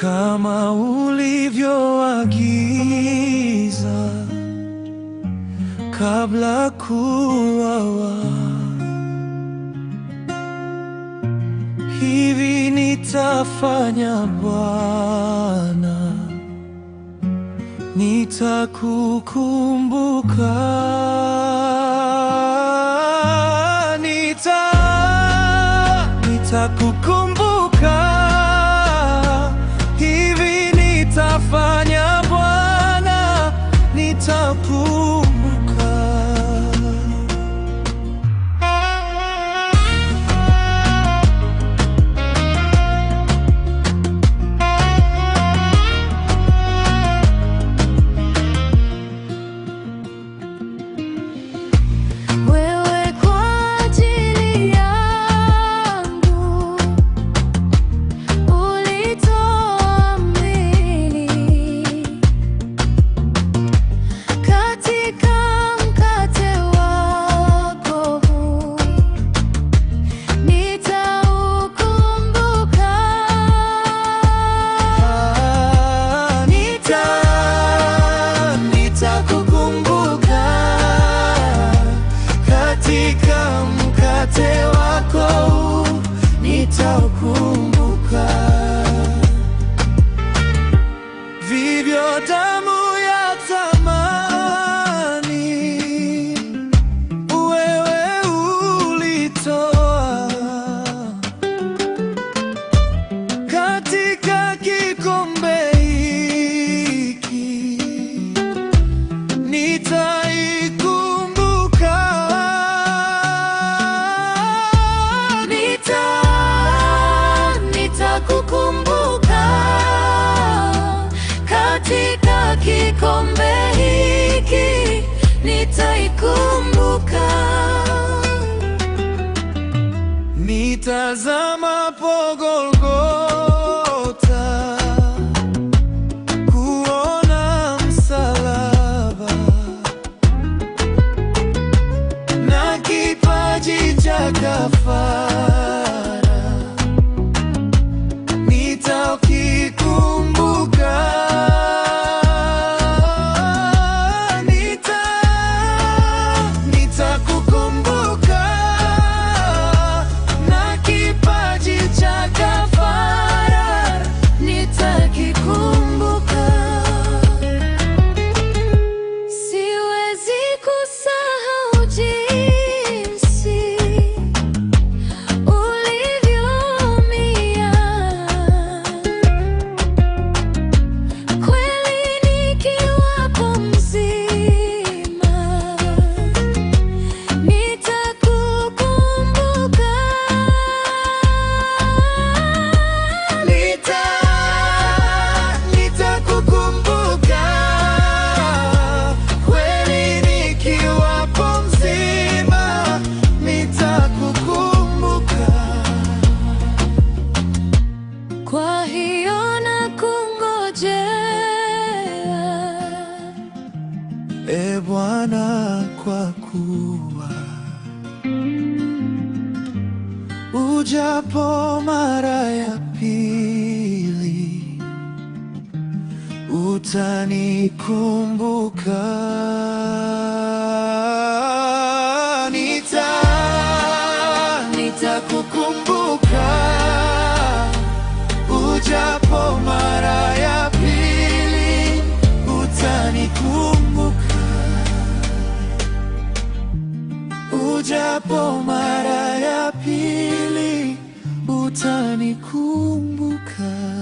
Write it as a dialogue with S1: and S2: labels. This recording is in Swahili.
S1: kama ulivyoagiza kabla kuwawa, hivi nitafanya Bwana, nitakukumbuka nita, nitakukumbuka katika kikombe hiki nitaikumbuka,
S2: nita nitakukumbuka katika kikombe hiki nitaikumbuka,
S1: nitazama pogo Bwana kwa kuwa ujapo mara ya pili utanikumbuka. Ujapo mara ya pili utanikumbuka.